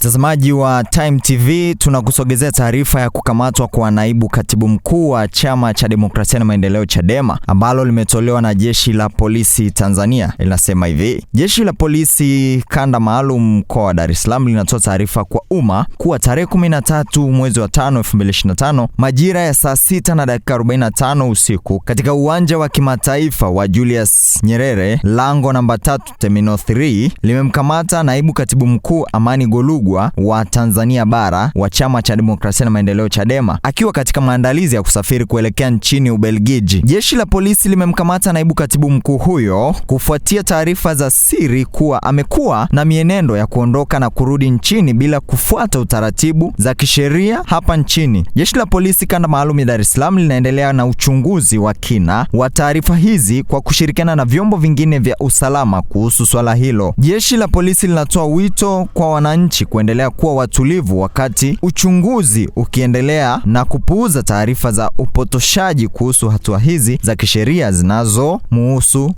Mtazamaji wa Time TV tunakusogezea taarifa ya kukamatwa kwa naibu katibu mkuu wa chama cha demokrasia na maendeleo Chadema ambalo limetolewa na jeshi la polisi Tanzania. Linasema hivi, jeshi la polisi kanda maalum mkoa wa Dar es Salaam linatoa taarifa kwa umma kuwa tarehe 13 mwezi wa 5 2025 majira ya saa sita na dakika 45 usiku katika uwanja wa kimataifa wa Julius Nyerere lango namba 3 terminal 3 limemkamata naibu katibu mkuu Amani Golugu Mnangagwa wa Tanzania Bara wa chama cha demokrasia na maendeleo Chadema akiwa katika maandalizi ya kusafiri kuelekea nchini Ubelgiji. Jeshi la polisi limemkamata naibu katibu mkuu huyo kufuatia taarifa za siri kuwa amekuwa na mienendo ya kuondoka na kurudi nchini bila kufuata utaratibu za kisheria hapa nchini. Jeshi la polisi kanda maalum ya Dar es Salaam linaendelea na uchunguzi wa kina wa taarifa hizi kwa kushirikiana na vyombo vingine vya usalama kuhusu swala hilo. Jeshi la polisi linatoa wito kwa wananchi kuendelea kuwa watulivu wakati uchunguzi ukiendelea na kupuuza taarifa za upotoshaji kuhusu hatua hizi za kisheria zinazomuhusu